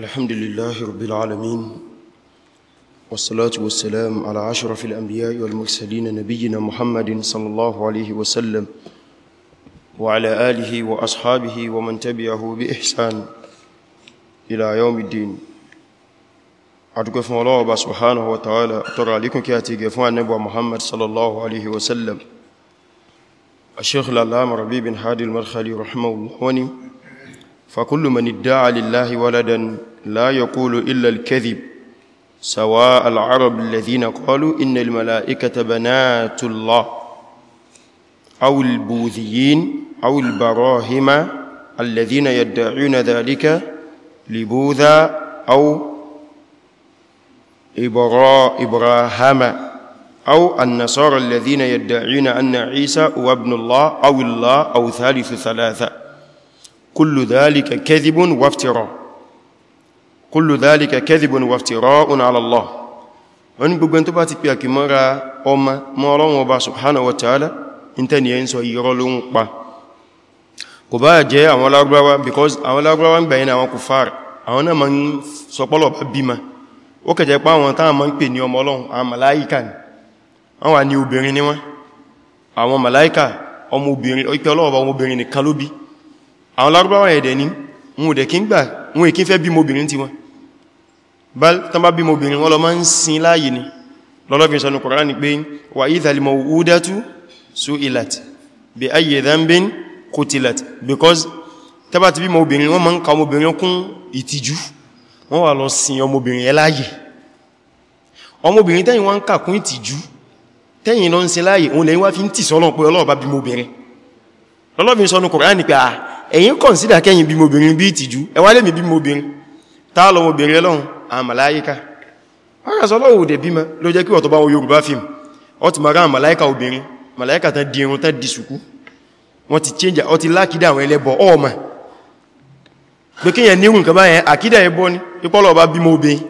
الحمد لله رب العالمين والصلاة والسلام على أشرف الأنبياء والمرسلين نبينا محمد صلى الله عليه وسلم وعلى آله وأصحابه ومن تبعه بإحسان إلى يوم الدين أتقف الله سبحانه وتعالى أترى لكم كاتي قفوان نبوى محمد صلى الله عليه وسلم الشيخ الألام ربي بن حادي المرخلي رحمه الله ونمه فكل من ادعى لله ولدا لا يقول إلا الكذب سواء العرب الذين قالوا إن الملائكة بنات الله أو البوذيين أو البراهم الذين يدعون ذلك لبوذا أو إبرا إبراهام أو النصارى الذين يدعون أن عيسى هو ابن الله أو الله أو ثالث ثلاثة kullu dhalika kadhibun waftira kullu dhalika kadhibun waftira'un 'ala Allah wọ́n gbogbo ẹn tó bá ti pè àkìmọ́ra ọmọ mọ́ ọlọ́run ọba subhanahu wa ta'ala intẹni ẹ ń sọ irọ́ ló ń pa kò bá jẹ́ àwọn lárúbáwá because àwọn lárúbáwá ń gbẹ̀yìn àwọn kùfàr àwọn náà ma ń sọpọ́lọ̀ bá bímá ó kẹjẹ pa àwọn táà ma ń pè ní ọmọ ọlọ́run àwọn ni wọ́n wà ní obìnrin ni wọ́n àwọn màláíkà ọmọ obìnrin ó pẹ́ ọlọ́ọ̀bá ọmọ obìnrin nìkan ló bí àwọn lárúbáwà ẹ̀dẹ̀ ni wọn ò dẹ̀ kí ń gbà wọn èkí fẹ́ bímọ obìnrin tí wọn bá tán bá bímọ obìnrin wọn lọ máa ń sin láàyè ni lọ́lọ́fin sanu Qur'an ni pé wa idhal maw'udatu su'ilat bi ayyi dhanbin qutilat because tẹ́bà ti bímọ obìnrin wọ́n máa ń ka ọmọbìnrin kún ìtìjú wọ́n wà lọ sin ọmọbìnrin ẹ láàyè ọmọbìnrin tẹ́yìn wọ́n ń kà kún ìtìjú tẹ́yìn lọ ń sin láàyè òun lẹ́yìn wá fi ń tì sọ́lọ́ pé lọ́lọ́fin sanu Qur'an ni pé ah, ẹ̀yin kọ̀nsídà kẹ́yìn bí mobìnrin bí ìtìjú ẹwà lè mi bí mobìnrin tàà lọ mobìnrin lọ́hun àmàláyíká ọ̀rọ̀sọ́ lọ́wọ́ òdẹ̀ bímọ ló jẹ́ kí ọ̀tọ̀bá Yorùbá fíìmù ọ ti mara àmàláyíká obìnrin màláyíká tán di irun tán di sùkú wọ́n ti change ọ ti lákídà àwọn ẹlẹ́bọ ọmọ pé kíyàn ní nǹkan báyẹn àkídà ẹbọ ní ipọ́ lọ bá bímọ obìnrin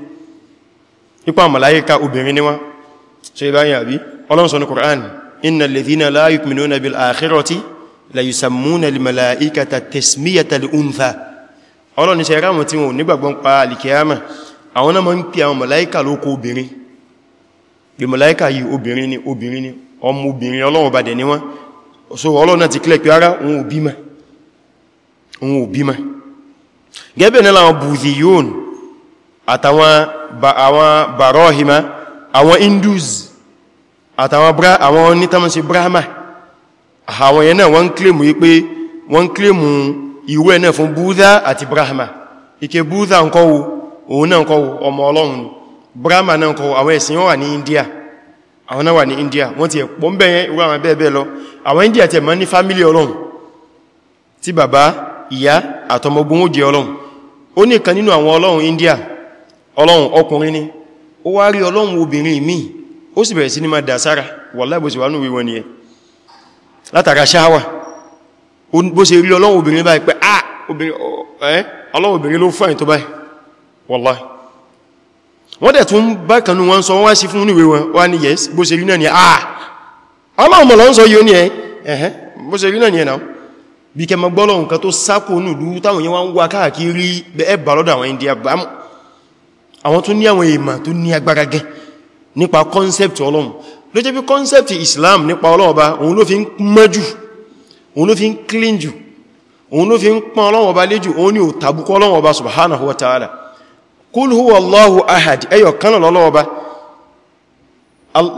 ipa màláyíká obìnrin ni wọ́n so ibáyìn àbí Ọlọ́run sọ ní Kùránì innal la yu'minuna bil akhirati la yusammuna al-mala'ikata tasmiyata al-untha ọlọ́run ní ṣẹ̀rá wọn tí wọn ò nígbàgbọ́ ń pa alìkìyàmà àwọn náà máa ń pè àwọn màláíkà ló kó obìnrin bí màláíkà yìí obìnrin ni obìnrin ni ọmọ obìnrin ọlọ́run bàdẹ̀ ni wọ́n so ọlọ́run náà ti kílẹ̀ pé ara òun ò bímọ òun ò bímọ gẹ́bẹ̀ náà làwọn buziyun àtàwọn àwọn barohima àwọn hindus àtàwọn àwọn onítàmọ̀sí brahma àwọn yẹn náà wọ́n kílèmù wípé wọ́n kílèmù ìwé náà fún Buddha àti Brahma ike Buddha ń kọ́wọ́ òun náà kọ́wọ́ ọmọ ọlọ́run Brahma náà kọ́wọ́ àwọn ẹ̀sìn wà ní India àwọn náà wà ní India wọ́n ti ẹ̀pọ̀ ń bẹ̀yẹn irú àwọn bẹ́ẹ̀ lọ àwọn India ti ẹ̀mọ́ ní fámílì ọlọ́run tí bàbá ìyá àtọmọgbọ́n ó jẹ ọlọ́run ó India ọlọ́run ọkùnrin ni ó wá rí ọlọ́run obìnrin míì ó sì bẹ̀rẹ̀ sí ní máa ni látara ṣáwà bó ṣe rí ọlọ́run obìnrin báyìí pé ah ọlọ́run obìnrin ló fáyìn tó báyìí wallahi wọ́n dẹ̀ tún bákanú wọn sọ wọ́n sí fún níwé wọn wá ní yes bó ṣe rí náà ni ah ọlọ́run mọ̀ lọ ń sọ yíó ní ẹ ẹ̀hẹ́ bó ṣe rí náà ni ẹ̀nà bí kẹ mọ́gbọ́lọ̀ nǹkan tó sákò nùlú india bámú àwọn tún ní àwọn èèmà tó ní agbára gẹ concept ọlọ́run ló jẹ́ bí kọ́nsẹ̀pì islam nípa ọlọ́ọ̀ba òun ló fi ń mẹ́jù òun ló fi ń clean jù òun ló fi ń pọ́n ọlọ́ọ̀ba léjù òun ni ò tàbùkọ́ ọlọ́ọ̀ba subhanahu wa ta'ala kul allahu ahad ẹyọ kan lọ́lọ́ọ̀ba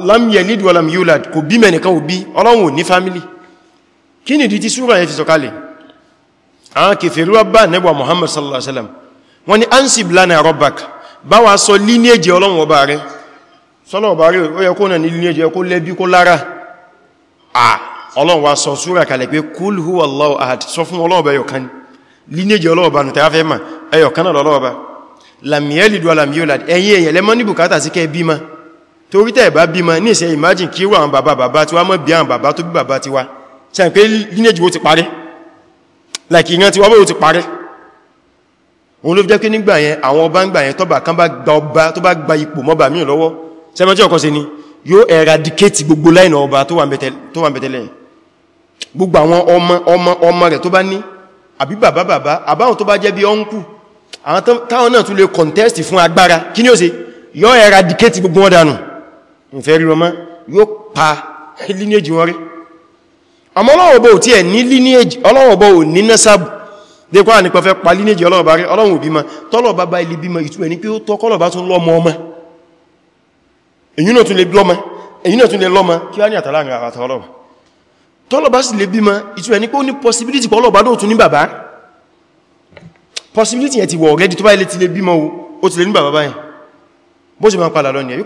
lam yalid wa yulad kò bí mẹ́nìkan ò bí family kí ni dìtí súra yẹn fi sọ̀kalẹ̀ àwọn kèfèrí wá muhammad sallallahu alaihi wasallam wọ́n ni ansib lana rabbak bá wa sọ lineage ọlọ́run ọba rẹ̀ sọ́lọ̀wọ̀ bá rí ó yẹ kó nà ní ilé ẹjọ́ kó lẹ́bí kó lára ọlọ́run wá sọ súra kalẹ̀ pé kúl huwa Allahu ahad sọ fún ọlọ́ọ̀bá ẹyọ̀kan ní línéjì ọlọ́ọ̀bá nù tàbí ẹmà ẹyọ̀kan náà lọ́ọ̀bá òun ló fi jẹ́ pé nígbà yẹn àwọn ọba ń gbà yẹn tọ́bà kan bá gba ipò mọ́bà míì lọ́wọ́ sẹ́mọ̀tí ọkọ̀ sí ni yóò eradicate gbogbo láìnà ọba tó wà bẹ̀tẹ̀lẹ̀ gbogbo àwọn ọmọ ọmọ ọmọ rẹ̀ tó bá ní àbí bàbá bàbá àbáwọn tó bá jẹ́ bí ọ́nkù àwọn táwọn náà tún lè contest fún agbára kí ni ó ṣe yóò eradicate gbogbo wọn dànù ìfẹ́ rí yóò pa lineage wọn rí àmọ́ Ọlọ́run bó lineage Ọlọ́run bó ní nasabu dẹ́kọ́ à nípa fẹ́ pa lineage Ọlọ́run bá rí Ọlọ́run òbí ma tọ́lọ̀ bá bá ilé bímọ ìtumẹ̀ ní èyí náà tún lè lọ́mọ èyí náà tún lè lọ́mọ kí wá ní àtàlà àrà àtàlọ́mọ tọ́lọ̀bá sì lè bímọ ìtúrẹ ní pé ó ní possibility pọ̀ lọ́bàá lóòtún ní bàbá possibility yẹn ti wọ̀ ọ̀rẹ́dì tó bá ilé ti lè bímọ ó ti lè ní bàbá báyìí bó ṣe máa padà lọ nìyẹn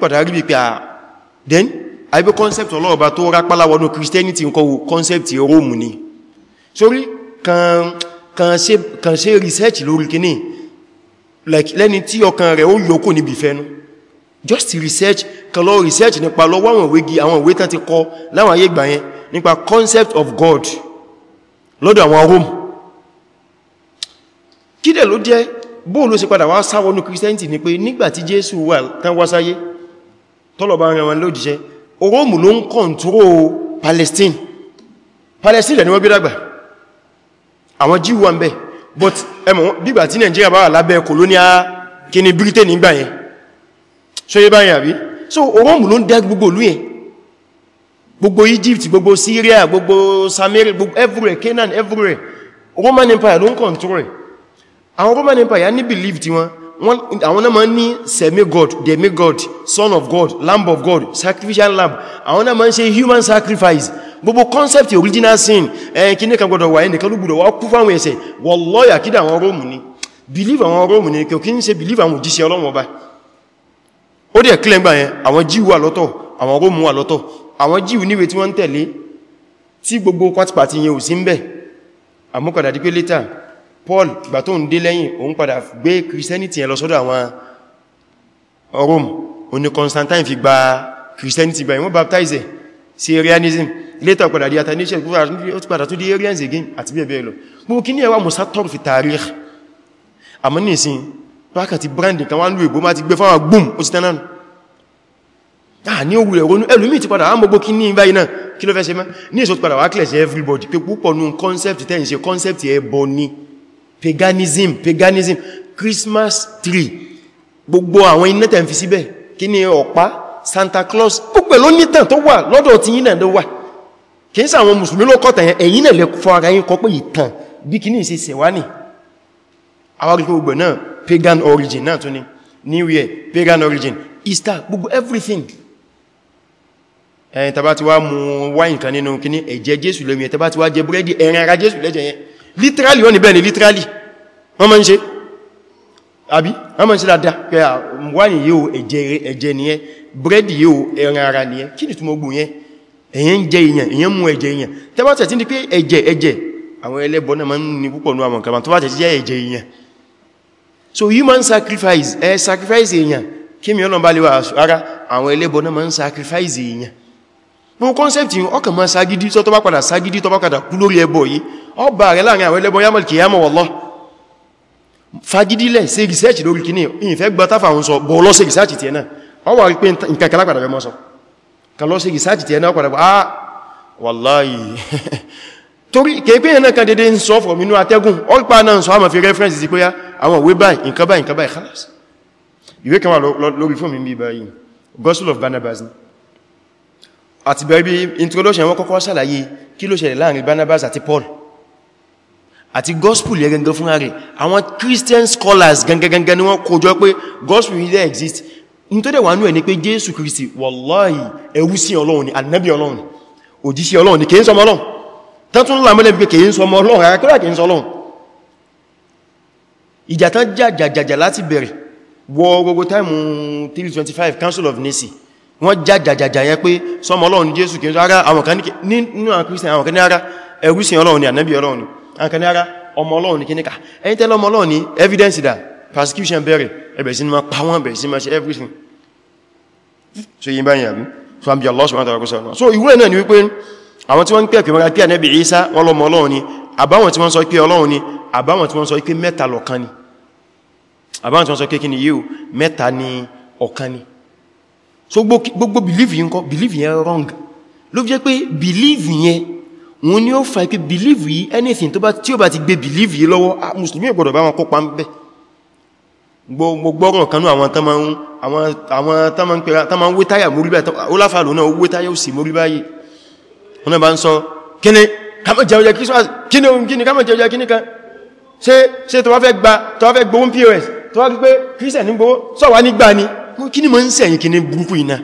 wípàdà rí research lórí kìíní like lẹ́ni tí ọkàn rẹ̀ ó yókò níbi ìfẹ́nu just research kan research nípa lọ́wọ́ àwọn ìwégi àwọn ìwé tán ti kọ láwọn ayé ìgbà yẹn nípa concept of God lọ́dọ̀ àwọn Rome kídẹ̀ ló jẹ́ bóòlù sí padà wá sáwọnú Christianity ni pé nígbàtí Jésù wà tán wá sáyé tọ́lọ̀bá rẹ̀ wọn lójíṣẹ́ Rome ló ń kọ̀ntúrò Palestine Palestine ni wọ́n gbé dàgbà àwọn Jíù wà ń bẹ̀ but ẹmọ̀ bígbà tí Nigeria bá wà lábẹ́ colonial kí ni Britain nígbà yẹn so yé báyìí àbí so Rome ló ń dá gbogbo ìlú yẹn gbogbo Egypt gbogbo Syria gbogbo Samaria gbogbo everywhere Canaan everywhere Roman Empire ló ń control rẹ̀ àwọn Roman Empire ní belief tí wọ́n àwọn náà ma ní semi-god God, son of God lamb of God sacrificial lamb àwọn náà ma ń ṣe human sacrifice gbogbo concept original sin ẹ̀kíní kan gbọdọ̀ wà ẹnìkan ló gbọdọ̀ wá kú fáwọn ẹ̀ṣẹ̀ wallahi àkídà àwọn Rome ni belief àwọn Rome ni kò kí ń ṣe belief àwọn òjíṣẹ́ Ọlọ́run ọba ó dẹ̀ kílẹ̀ gbà yẹn àwọn jíù wà lọ́tọ̀ àwọn rómù wà lọ́tọ̀ àwọn jíù níwé tí wọ́n ń tẹ̀lé tí gbogbo pàtìpàtì yẹn ò sí ń bẹ̀ àmúkọ̀dà dípé létà Paul gbà tó ń dé lẹ́yìn òun padà gbé Christianity yẹn lọ sọ́dọ̀ àwọn Constantine fi Christianity gbà wọ́n baptize sí Arianism létà padà di athanasian ó ti padà tó di Arians again àti bẹ́ẹ̀ bẹ́ẹ̀ lọ gbogbo kí ní ẹwà pákà ti brandi kan wá ń lú ìbò má ti gbé fáwọn gbùm ó ti tánánù náà ah, ní òwúrẹ̀ ronú ẹlùmí ti padà á mọ́gbó kí ní ìbáyìí náà kí ló fẹ́ ṣe mẹ́ ní èso padà wá clear sí everybody pé púpọ̀ nù concept tẹ́ ń ṣe concept ẹbọ ni paganism paganism Christmas tree gbogbo àwọn iná tẹ́ ń fi síbẹ̀ kí ni ọ̀pá Santa Claus púpẹ̀ ló ní tàn tó wà lọ́dọ̀ ti yín náà wà kì í sàwọn mùsùlùmí ló kọ́ tẹ̀yẹn ẹ̀yìn náà lè fọ ara yín kọ pé ìtàn bí kí ní ìṣe sẹ̀wá nì àwọn agbègbè náà pagan origin náà tún ni new year pagan origin easter gbogbo everything ẹ̀yìn tàbá ti wá mú wáyìn kan nínú kíní ẹ̀jẹ̀ jésù lómi ẹ̀ tàbá ti wá jẹ búrẹ́dì ẹ̀rìn ara jésù lẹ́jẹ̀ yẹn literally wọ́n ni bẹ́ẹ̀ ni literally wọ́n mọ́ ń ṣe àbí wọ́n mọ́ ń ṣe dáadáa pé wáyìn yóò ẹ̀jẹ̀ nìyẹn búrẹ́dì yóò ẹ̀rìn ara nìyẹn kí ni túnmọ̀ ogun yẹn èyàn ń jẹ èyàn èyàn mú ẹ̀jẹ̀ èyàn tẹ́bá tẹ̀ tí ní pé ẹ̀jẹ̀ ẹ̀jẹ̀ àwọn ẹlẹ́bọ náà máa ń ní so human sacrifice eh sacrifice èyàn kimi ọlọ́run bá lè wà ara àwọn ẹlẹ́bọ náà ma sacrifice èyàn mo concept yin yìí ọkàn ma sagidi tó tó bá padà sagidi tó bá padà kú lórí ẹbọ yìí ọ bá rẹ láàrin àwọn ẹlẹ́bọ yamal kiyama wallah fagidílẹ̀ ṣe research lórí kìíní ìfẹ́ gbọ́ táfà àwọn sọ bọ̀ lọ ṣe research tiẹ̀ náà ọ wà rí pé nǹkan kan lápàdà rẹ mọ́ kan lọ ṣe research tiẹ̀ náà padà ah wallahi torí kèèpé ẹ̀nà kan dédé ń sọ fọ̀ mínú atẹ́gùn ọ́pá náà sọ àmà fi reference sí pé ah, àwọn òwe báyìí nǹkan báyìí nǹkan báyìí khalas ìwé kan wà lórí fún mi báyìí gospel of Barnabas ni àti bẹ̀rẹ̀ introduction wọ́n kọ́kọ́ sàlàyé kí ló ṣẹlẹ̀ láàrin Barnabas àti Paul àti gospel yẹ gangan fúnra rẹ̀ àwọn Christian scholars gangan ni wọ́n kójọ pé gospel yìí exist ní tó wà nú ni pé Jésù Kristi wallahi ẹrú sí Ọlọ́run ni ànábì Ọlọ́run òjíṣẹ́ Ọlọ́run ni kìí sọmọ Ọlọ́run tẹ́tún lámọ́lẹ̀ pé kìí sọ ọmọ ọlọ́run ara kọ́lá kìí sọ ọlọ́run ìjàtán jàjàjàjà láti bẹ̀rẹ̀ wọ gbogbo táìmù 325 council of Nicaea wọ́n jàjàjàjà yẹ pé sọmọ ọlọ́run Jésù kìí sọ ara àwọn kan nínú àwọn Christian àwọn kan ní ara ẹrúsìn ọlọ́run ni ànábì ọlọ́run àwọn kan ní ara ọmọ ọlọ́run kìníkà ẹni tẹ́lọ ọmọ ọlọ́run ni evidence da persecution bẹ̀rẹ̀ ẹbẹ̀ sí ma pa wọ́n bẹ̀rẹ̀ sí ma ṣe everything so yìí báyìí àbí so àbí Allah subhanahu wa ta'ala so ìwé náà ni wípé àwọn tí wọ́n ń pẹ́ pẹ̀ mọ́ra pé ànẹ́bì Ìsá wọ́n lọ́mọ ọlọ́run ni àbáwọn tí wọ́n sọ pé ọlọ́run ni àbáwọn tí wọ́n sọ pé mẹ́ta lọ̀kan ni àbáwọn tí wọ́n sọ pé kí ni yíò mẹ́ta ni ọ̀kan ni so gbogbo belief yìí ńkọ́ belief yẹn wrong ló fi jẹ́ pé belief yẹn wọ́n ni ó fa pé belief yìí anything tó bá tí ó bá ti gbé belief yìí lọ́wọ́ mùsùlùmí gbọ́dọ̀ bá wọn kópa ń bẹ̀ gbogbogbọ́rùn kanú àwọn tán máa ń wé táyà mórí báyìí ó láfàá lónà ó wé táyà ó sì mórí báyìí wọ́n náà bá ń sọ kíní kàmọ̀ jẹ́ ọjọ́ christmas kíní ohun kíní kàmọ̀ jẹ́ ọjọ́ kíní kan ṣe tó wá fẹ́ gba tó wá fẹ́ gbowó pos tó wá gbé christian ní gbowó sọ wá ní gbà ní kíní mọ́ ń ṣe ẹ̀yìn kíní burúkú iná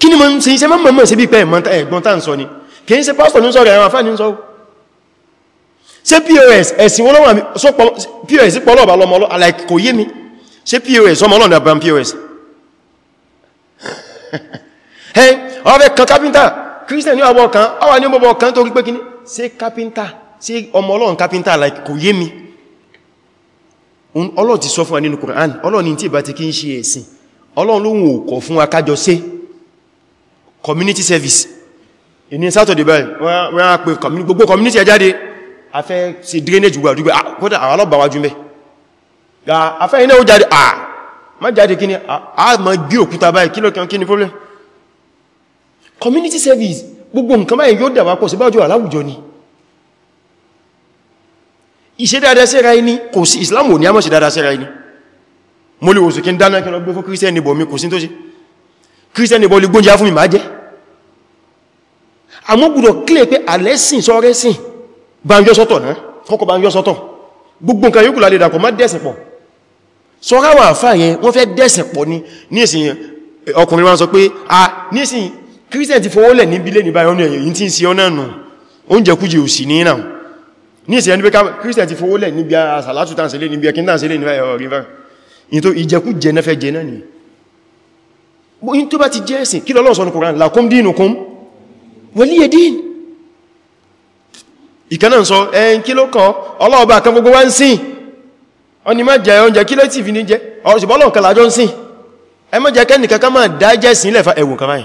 kíní mọ́ ń ṣe iṣẹ́ mọ́ mọ́ sí bí pẹ́ ẹ̀gbọ́n tá ń sọ ni kìí ṣe pastor ní sọ̀rọ̀ àwọn afẹ́ni sọ ṣe pos ẹ̀sìn wọ́n lọ́wọ́ pos pọ́lọ̀ bá lọ́mọ aláìkì kò yé mi ṣe pos ọmọ ọlọ́nà bá pos ẹ̀ ọ̀fẹ́ kan kápíntà christian ní ọbọ̀ kan ọwà ní ọbọ̀ kan torí pé kíní ṣe kápíntà ṣe ọmọ ọlọ́run kápíntà like kò yé mi ọlọ́run ti sọ fún wa nínú Qur'an ọlọ́run tí ìbá ti kí ń ṣe ẹ̀sìn ọlọ́run lóhun ò kọ̀ fún wa kájọ ṣe community service ìní saturday báyìí wọ́n á pè gbogbo community ẹ jáde a fẹ́ ṣe drainage gbogbo àdúgbò kódà àwọn ọlọ́bàá wájú mẹ́ a fẹ́ iná ó jáde à má jáde kíní a má gbé òkúta báyìí kílọ̀kí ní problem community service gbogbo nǹkan báyìí yóò dàwà pọ̀ sí bájú aláwùjọ ni ìṣe dáadáa sí ra ẹni kò sí Islam ò ní àmọ́ sí dáadáa sí ra ẹni mo lè wòsù kí n dáná kí lọ gbé fún kírísẹ́nì bọ̀ mi kò sí tó sí kírísẹ́nì bọ̀ lè gbóúnjẹ fún mi máa jẹ́ àmọ́ gbùdọ̀ kílẹ̀ pé alẹ́sìn sọ́rẹ́sìn bá ń yọ́ sọ́tọ̀ náà kọ́kọ́ bá sọ́tọ̀ gbogbo nǹkan yóò kù dàpọ̀ má dẹ̀sìn pọ̀ sọ́ráwà àfáà yẹn wọ́n fẹ́ dẹ̀sìn pọ̀ ní ìsìn ọkùnrin wọn sọ pé a ah, ní ìsìn christian ti fowó lẹ̀ níbi lè ní báyọ́ ní ẹ̀yìn tí ń sí ọ́nà nù oúnjẹ kújẹ ò sí ní náà ní ìsẹ̀ ẹni pé christian ti fowó lẹ̀ níbi àsàlátù níbi ẹkín tàǹsẹ̀lẹ̀ ní báyọ̀ rí báyọ̀ ìtò ni in tó bá ti jẹ́ ẹ̀sìn kí lọ́lọ́ sọ ní Qur'an lakum dinukum waliya din ìkaná sọ ẹn kí ló kọ ọlọ́ọ̀bá kan gbogbo wá ń sìn ọni má jẹ oúnjẹ kí ló tì fi ní jẹ ọ̀rọ̀sìbọ́lọ̀ kan lájọ́ ń sìn ẹ má jẹ kẹ́nìkan ká máa dájẹ́ sílẹ̀ fa ẹ̀wọ̀n kan báyìí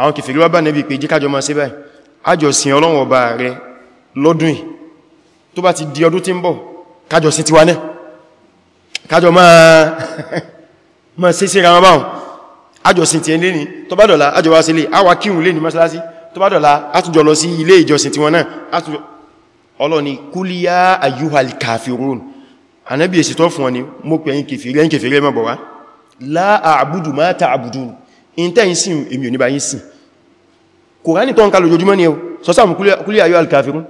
àwọn kèfèrí wá bá nẹ́bí pé jíkájọ máa ṣe báyìí àjọ sin ọlọ́run ọba rẹ lọ́dún yìí tó bá ti di ọdún tí ń bọ̀ kájọ sí tiwa náà kájọ máa ṣe sí ramọ́ báhùn àjọ sin ti ẹni ní tó bá dọ̀la àjọ wá sílé ọlọ́ni kúlíyà ayyuhal kafirun anábìyèsí tó fún ọ ni mo pẹ̀yìn kèfèrí ẹ̀yìn kèfèrí ẹ̀mọ̀bọ̀ wá la a'budu ma intẹ́yìnsìn èmi ò ní báyìí sìn kòránì tó ń kalò jojúmọ́ ni ẹ sọ́sàmù kúlé ayọ́ alkafirun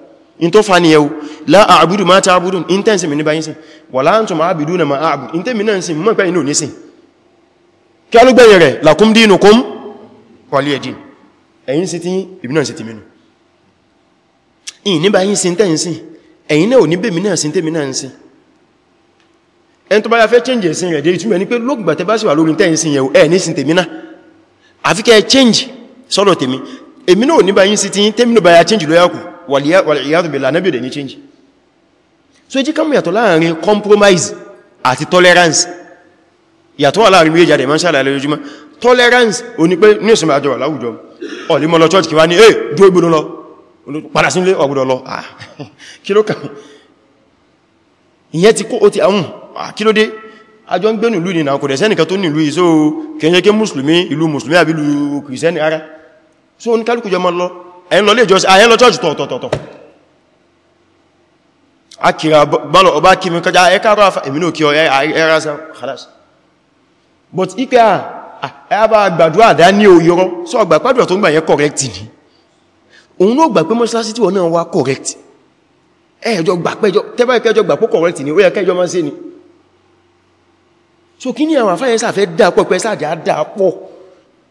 la a'budu ma ta'budun intẹ́yìnsìn mi ní báyìí sìn wala ma a'budu intẹ́mi náà sìn mọ́ pẹ́ inú ní sìn kí a ló gbẹ̀yẹ̀ rẹ̀ lakum dinukum waliya din ẹ̀yin sí ti èmi náà sí ti mẹ́nu in ní báyìí sìn tẹ́yìnsìn ẹ̀yin náà ò ní bèmi náà sìn tẹ́mi náà sìn ẹni tó bá ya fẹ́ change ẹ̀sìn rẹ̀ dé ìtumẹ̀ ní pé lókùgbà tẹ́ bá sì wà lórí tẹ́yìnsìn yẹ̀wò ẹ̀ ní sìn tèmi náà àfi kẹ́ change sọ́dọ̀ tèmi èmi náà ní báyí sí ti yí tèmi náà báyá change ló yàkù wàlìyàtò bèèrè ànábì òdè ní change so jí kàmù yàtọ̀ láàrin compromise àti tolerance yàtọ̀ wà láàrin méjì àdẹ̀mọ́ sàlà tolerance o ní pé ní ìsinmi àjọ láwùjọ ọ̀límọ́ lọ church kí eh dúró gbódó lọ padà sí ilé ọgbọ̀dọ̀ lọ kí ló kà ìyẹn ti ajọ́ ń gbé nìlú ní àwọn kò dẹ̀ sẹ́nìkan tó nìlú ìsó kẹsẹ́ kí mùsùlùmí ìlú mùsùlùmí àbí ìlú kìrìsẹ́nì ara so ní kálùkù jọ mọ́ lọ ẹ̀yìn lọ lè jọ àyẹ́n lọ but ipe a ẹba gbàdúrà dá ni òun ló gbà pé mọ́sílásí tí wọ́n náà wá correct ẹ̀ẹ̀jọ gbà pẹ́jọ tẹ́bà ìkẹjọ gbà pó correct ni ó yẹ kẹjọ máa ń ṣe ni so kí ni àwọn àfáyẹ́sà fẹ́ dápọ̀ pẹ́ sáàjá dápọ̀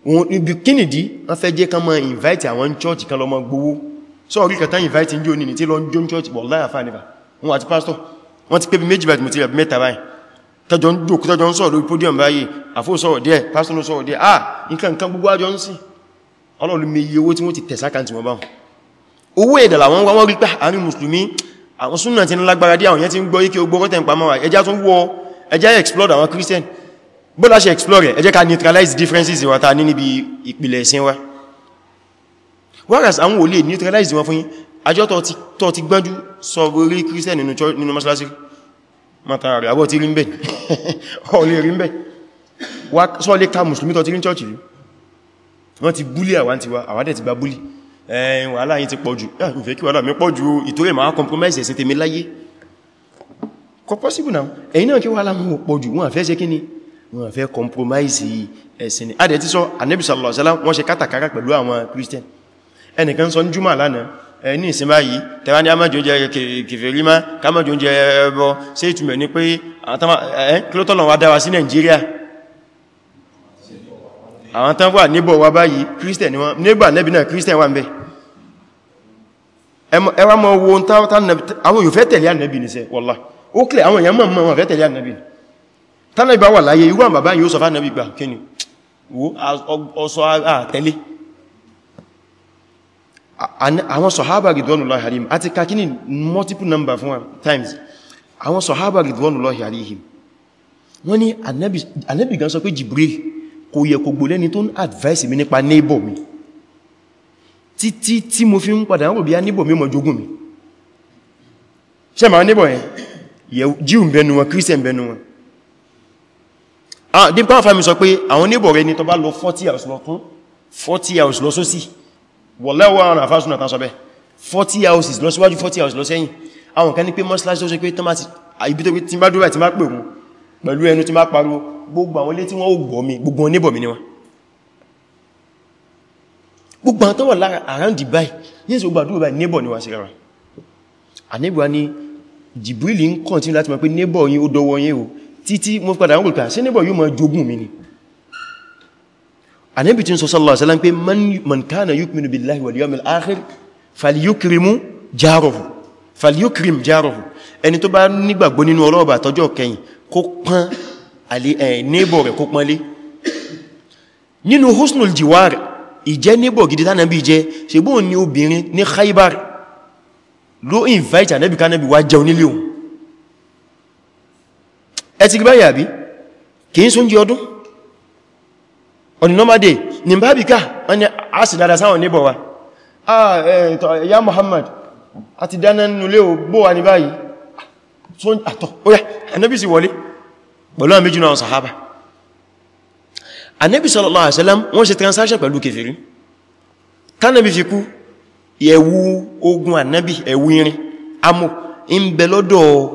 wọn ibi kí ni dí wọ́n fẹ́ jẹ́ kan mọ́ invite àwọn church kan lọ mọ́ gbówó so orí kàtà invite ní òní tí lọ church bọ̀ láyà fà nípa pastor wọ́n ti pé bí méjì bàtí mo ti rẹ̀ mẹ́ta podium báyìí àfó sọ̀rọ̀ díẹ̀ pastor ló sọ̀rọ̀ díẹ̀ ah nǹkan nǹkan gbogbo àjọ ń sìn ọlọ́ọ̀lú mi iye owó tí wọ́n ti tẹ̀sákan tí wọ́n bá wọn owó ẹ̀dà làwọn wá wọ́n rí pé ah, àárín mùsùlùmí àwọn súnà ti ń lágbára dí àwọn yẹn ti ń gbọ́ yí ogbó rọ́tẹ̀ ń ẹjá tún wọ́ ẹ explore àwọn Christian bó láṣẹ explore ẹ jẹ́ ká neutralize differences wọn ta ní níbi ìpìlẹ̀ ẹ̀sìn wa whereas àwọn olè neutralize wọn fún yín àjọ tó ti gbájú sọ orí Christian nínú mọ́sálásí mata rẹ̀ àbọ̀ ti rí ń bẹ̀ ọ lè rí ń bẹ̀ sọ lè ká mùsùlùmí tó ti rí church rí wọ́n ti búlì àwọn tiwa àwádẹ̀ ti gba búlì ẹ̀yìn wàhálà yìí ti pọ̀jù ìfẹ́ ah, kí wàhálà mi pọ̀jù ìtorí ma compromise ẹ̀sìn tèmi láyé kò possible náà ẹ̀yin náà kí wà láwọn òpò jù wọ́n fẹ́ ṣe kí ni wọ́n fẹ́ compromise ẹ̀sìn adẹ̀ tí sọ Ànábì sallallahu alaihi wasallam wọ́n ṣe kátàkárà pẹ̀lú àwọn Christian ẹnìkan sọ ní jùmọ̀ lánàá ní ìsinmi yìí tẹ́wàá ní àmájò jẹ kèfèrí má kámájò jẹ ẹbọ sí ìtumẹ̀ ní pé kílótọ́lọ̀ wá dáwà sí Nàìjíríà àwọn tán wà níbọ̀ wá báyìí Christian ni wọ́n nígbà nẹ́bì náà Christian wà ń bẹ ẹwà mọ́ owó táwọn yóò fẹ́ tẹ̀lé Ànábì nìṣẹ́ wallahi ó kílẹ̀ àwọn èèyàn mọ̀ mọ̀ fẹ́ tẹ̀lé ànàbì tánàbì bá wà láyé irú àwọn bàbá yóò sọ fún ànàbì gbà kíni wo ọsọ àtẹ́lé àwọn sọ̀hábà ridwanullahi alayhim àti kakini multiple number fún wa times àwọn sọ̀hábà ridwanullahi alayhim wọ́n ní ànàbì gan sọ pé Jibril kò yẹ kò gbólẹ́ni tó ń advice mi nípa neighbor mi títí tí mo fi ń padà ń rò a neighbor mi mọ̀ jogún mi ṣe ma neighbor yẹn jíù ń bẹnu wọn kírísẹ̀ ń bẹnu wọn ah dípá fàmí sọ pé àwọn níbọ̀ rẹ ni tó bá lọ 40 hours lọ kún 40 hours lọ sósì wọ̀lẹ́wọ̀ àwọn àfásùnà tán sọ bẹ́ 40 hours lọ síwájú 40 hours lọ sẹ́yìn àwọn kan ní pé mọ́síláṣí tó ṣe pé tọ́mátì àìbí tó ti bá dúrà ti má pèrún pẹ̀lú ẹnu ti má pariwo gbogbo àwọn ilé tí wọ́n gbọ́ mi gbogbo wọn níbọ̀ mi ni wọn gbogbo àwọn tó wà around Dubai ní ìṣògbà dúrà níbọ̀ ni wọ́n sí rárá àníbọ̀ ni Jibril ń kọ̀ntínú láti mọ̀ pé nébọ̀ yí ó dọwọ́ yí o títí mo padà ń gbogbo àṣẹ nébọ̀ yí ma jogún mi ni Ànábì tí ń sọ sallallahu alaihi wasallam pé man kana yu'minu billahi wal yawmil akhir falyukrimu jarahu falyukrim jarahu ẹni tó bá nígbàgbọ́ nínú ọlọ́ọ̀bà tọjọ́ ni Khaybar ló invite ànẹ́bì kánẹ́bì wá jẹun nílé òun ẹ ti gbá yàbí kìí sún jẹ ọdún on normal day ní bá bí ká wọ́n ni a sì dára sáwọn níbọ̀ wa ah ya Muhammad a ti dáná nulé o bó wa ní báyìí tó àtọ̀ oya ànẹ́bì sì wọlé pẹ̀lú àmì jùnà àwọn sàhábà ànẹ́bì sallallahu alaihi wasallam wọ́n ṣe transaction pẹ̀lú kèfèrí tánàbì fi kú ẹ̀wú ogun ànábì ẹ̀wú irin amò in bẹ lọ́dọ̀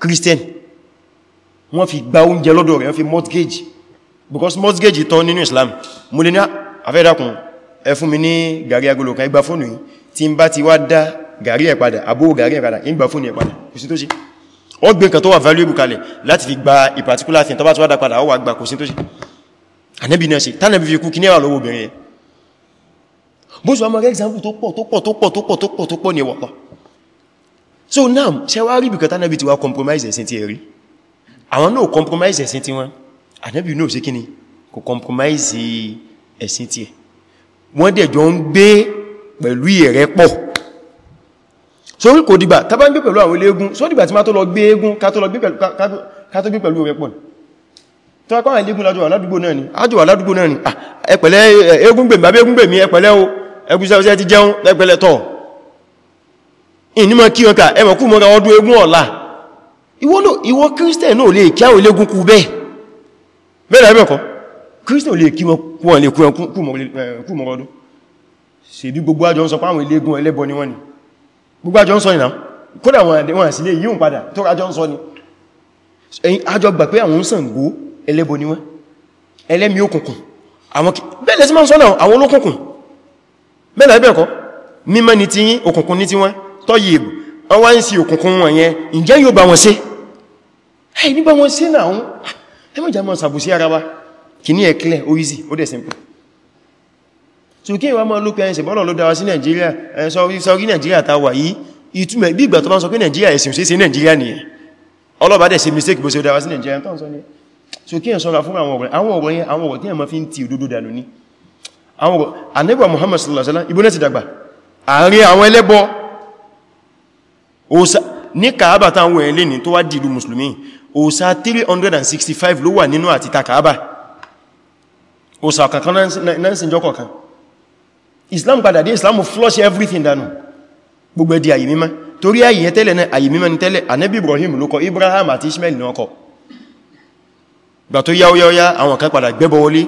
christian wọ́n fi gba oúnjẹ lọ́dọ̀ rẹ̀ wọ́n fi mortgage because mortgage tọ́ nínú islam mo lè ní àfẹ́dàkùn ah, ẹ fún mi ní gàrí agolo kan igba fóònù yìí tí n bá ti wá dá gàrí ẹ̀ padà àbó gàrí ẹ̀ padà ìgbà fóònù ẹ̀ kò sí tó ṣe ó gbé nǹkan tó wà valuable kalẹ̀ láti fi gba a particular thing tó bá ti wá dá padà ó wà gbà kò sí tó ṣe ànábì náà ṣe tánàbí fi kú kí ní ẹ̀wà lọ́wọ́ obìnrin bó ṣe ọmọ rẹ̀ example tó pọ̀ tó pọ̀ tó pọ̀ tó pọ̀ tó pọ̀ tó pọ̀ ní wọ́pọ̀ so now ṣe wá rí bìkọ̀tá náà bí ti wá compromise ẹ̀sìn ti ẹ̀rí àwọn náà compromise ẹ̀sìn ti wọn ànábì náà ṣe kíni kò compromise ẹ̀sìn ti ẹ̀ wọ́n dẹ̀ jọ ń gbé pẹ̀lú ìrẹ́ pọ̀ so orí kò dìgbà tàbá ń gbé pẹ̀lú àwọn eléégún so dìgbà tí má tó lọ gbé eégún ká tó gbé pẹ̀lú rẹ̀ pọ̀ tó ẹkọ́ àwọn eléégún lájọ wà ládùúgbò náà ni àjọ wà ládùúgbò náà ni ah, ẹ̀pẹ̀lẹ́ eégún gbèmí abẹ́gún gbèmí ẹ̀pẹ̀lẹ́ ẹgbùsẹ́ ọ̀sẹ́ ti jẹun lẹ́gbẹ̀lẹ̀ tọ́ ìnímọ̀ kí ọkà ẹmọ̀kú mọ́ra ọdún egun ọ̀la ìwọ kírísítẹ̀ náà lè kí àwọn ilégún kú bẹ́ẹ̀ bẹ́ẹ̀ lẹ́bẹ̀kọ́ kírísítẹ̀ lè kí wọn lè kú mọ́ra ọdún ṣe bí gbogbo àjọ ń sọ páwọn ilégún ẹlẹ́bọ ni wọ́n ni gbogbo àjọ ń sọ ìnà kódà wọn sì lè yíò padà tó àjọ ń sọ ni àjọ gbà pé àwọn ń Ṣàngó ẹlẹ́bọ ni wọ́n ẹlẹ́mí òkùnkùn bẹ́ẹ̀ lẹ́sí máa ń sọ náà àwọn olókùnkùn bẹ́ẹ̀ bẹ́ẹ̀ kọ́ mímọ́ ni ti yín òkùnkùn ní ti wọ́n tọ́yì ìbù wọ́n wá ń sí òkùnkùn wọn yẹn ǹjẹ́ yóò bá wọn ṣe ẹ̀ nígbà wọn ṣe náà wọ́n ẹmọ́jà mọ́ sàbùsí ara wa kì ní ẹ̀kílẹ̀ oríṣì ó dẹ̀ simple so kí ìwà mọ́ lópin ẹ̀ṣẹ̀ bọ́lọ̀ ló dáwà sí Nàìjíríà sọrí Nàìjíríà ta wà yìí ìtumẹ̀ bí ìgbà tó bá ń sọ pé Nàìjíríà ẹ̀sìn sí sí Nàìjíríà nìyẹn ọlọ́bàá dẹ̀ sí mistake bó ṣe dáwà sí Nàìjíríà tó ń sọ ní so kí ẹ̀ sọ́ra fún àwọn ọ̀rọ̀ àwọn ọ̀rọ̀ yẹn àwọn ọ̀rọ̀ tí ẹ̀ mọ́ fi ń ti òdodo àwọn anẹ́gbà Muhammad sallallahu alaihi wasallam ibùnẹ́ ti dàgbà àárín àwọn ẹlẹ́bọ ní kàábà táwọn ẹ̀lé ní tó wá dìlú musulmi òsà 365 ló wà nínú àti ta kàábà òsà kankan nánsìn jọ kọ̀kan Islam padà dé Islam flush everything danu, gbogbo ẹdí àyè mímá torí àyè tẹ́lẹ̀ náà àyè mímá ní tẹ́lẹ̀ anẹ́bí Ibrahim ló Ibrahim àti Ismail ní ọkọ̀ gbà tó yáwó yáwó yá àwọn kan padà gbẹ́bọ̀ wọlé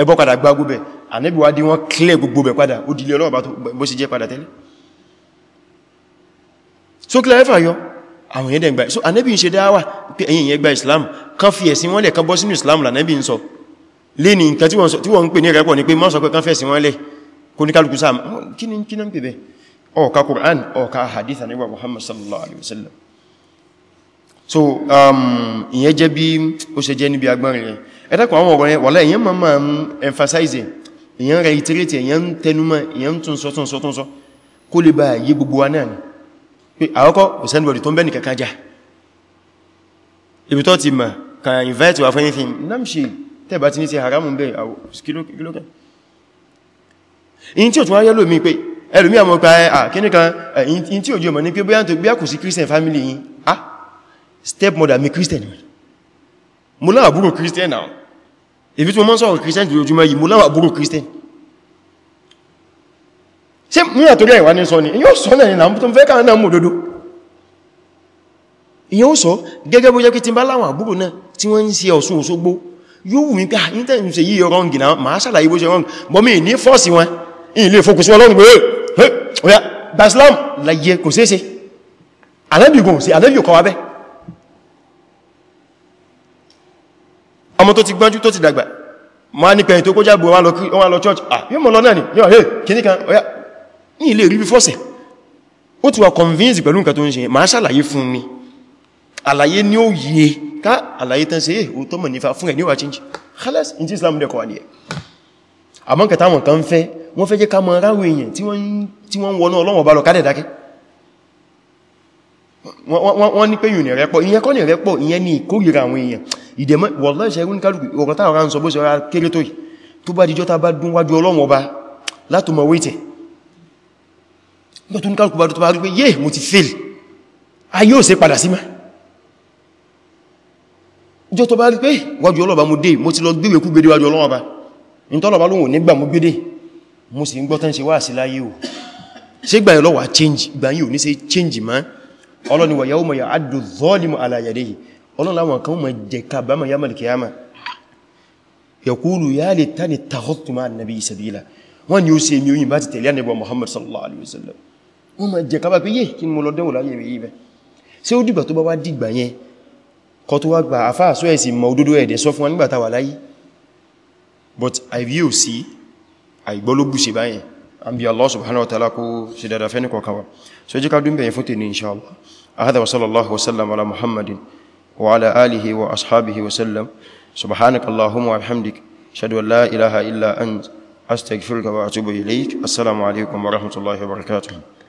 ẹbọ́ padà gbá gbogbo ẹ̀ ànábì wá dí wọ́n clear gbogbo ẹ̀ padà ó dìlẹ̀ ọlọ́ọ̀bá bó sì jẹ́ padà tẹ́lẹ̀ so clear ẹfà yọ àwọn èèyàn dẹ̀gbà so ànábì ń ṣe dáwà pé ẹ̀yin ìyẹn gba Islam kan fi ẹ̀sìn wọ́n lẹ̀ kan bọ́ sínú Islam lànábì ń sọ lé ní nǹkan tí wọ́n ń pè ní rẹ́pọ̀ ni pé mọ́ sọ pé kan fẹ̀sìn wọ́n lẹ̀ kó ní kálukú sáà kí ni kí ni ń pè bẹ́ ọ̀ka Qur'an ọ̀ka Muhammad sallallahu alaihi wasallam so um, ìyẹn jẹ́ bí ó ṣe ẹ̀dàkùn àwọn ọ̀rọ̀ yẹn wàlá èyàn ma máa mm, ń emphasize èyàn reiterate èyàn tẹnumọ́ èyàn tún sọ́tún sọ́tún sọ́ kó lè bá yí gbogbo wa náà ni pé àwọ́kọ́ ìsẹ́nbọ̀dì tó ń bẹ́ni kankan já ibi tó ti ma can invite wa for anything namshi tẹ́bà ti ní ti haramu bẹ́ kílókẹ́ in tí ò tún ayẹ́lò mi pé ẹlùmí àmọ́ pa ẹ́ kíníkan family yìí ah stepmother mi Christian mo láàbúrò Christian now ibi tí mo mọ́ sọ̀rọ̀ christian jù ojúmọ́ yìí mo láwà búrú christian ṣe múyà torí àìwá ní sọ ni yíò sọ náà nìyàn tó ń fẹ́ káà náà mú òdodo yíò sọ gẹ́gẹ́ bó jẹ́ kí ti bá láwọn àbúrò náà tí wọ́n ń ṣe Ọ̀ṣun Òṣogbo yóò wù mí pé àyíntẹ̀yìnṣe ah, yíò rọ́ǹgì náà máa ṣàlàyé bó ṣe rọ́ǹgì bọ́ mi ní fọ́ọ̀sì wọn ilé fokùn sí ọlọ́run pé ọ̀yá baslam láyé kò ṣeéṣe alẹ́bìgùn sí alẹ́bìgùn kọwàá bẹ́ẹ̀ ọmọ tó ti gbọ́njú tó ti dàgbà ma ní pẹ̀yìn tó kó jágbò wọn lọ church ah yóò mọ̀ lọ náà ni yóò hey kìní kan ọ̀yá ní ilé rí bí fọ́sẹ̀ ó ti wà convince pẹ̀lú nǹkan tó ń ṣe ma ṣàlàyé fún mi àlàyé ní ó yìí ká àlàyé tán sí ó tọ́mọ̀ Islam dẹ̀kọ̀ àdìyẹ àmọ́ kẹta wọn kan fẹ́ wọ́n fẹ́ jẹ́ ká mọ ráwọ̀ èèyàn tí wọ́n wọnú ọlọ́wọ̀n bá lọ kádẹ̀ dákẹ́ wọ́n ní pé yìí ni ìdẹ̀mọ́ wallahi ṣe ní kálùkù ọ̀kan táwọn ará ń sọ bó ṣe ọ̀rá kéré tó yìí tó bá dìjọ́ ta bá dún wájú Ọlọ́run ọba látò mọ̀ wéìtẹ̀ nígbàtún kálùkù bá dútọ́ bá rí pé yé mo ti fail a yóò ṣe padà sí má jọ tó bá rí pé wájú Ọlọ́run ọba mo dé mo ti lọ gbé wékú gbé wájú Ọlọ́run ọba nítọ́lọ̀ bá lóhun nígbà mo gbédé mo sì ń gbọ́ tán ṣe wá o ṣe change gbà yìí change ma ọlọ́ni wa yawma ya'addu adh-dhalimu ala yadayhi ọlọ́láwọn kan mọ̀ jẹ kàbámọ̀ yamal kiyama yaqulu ya laitani ittakhadhtu ma'a an-nabiyyi sabila wọ́n ni ó se mi oyin bá ti tẹ̀lé ànẹ́bọ̀ Muhammad sallallahu alaihi wasallam wọ́n ma jẹ kábà pé yé kí ni mo lọ dẹ́wò láyé ibẹ̀ ṣé ó dìgbà tó bá wá dìgbà yẹn kọ tó wá gba àfáà sọ ẹ̀sìn but àìrí ò sí àìgbọ́lógbù ṣe báyẹn an bí Allah subhanahu wa ta'ala kó ṣe dada fẹ́ ní kọkawa so jẹ́ ká dúnbẹ̀yẹn fún وعلى آله وأصحابه وسلم سبحانك اللهم وبحمدك شهد أن لا إله إلا أنت أستغفرك وأتوب إليك السلام عليكم ورحمة الله وبركاته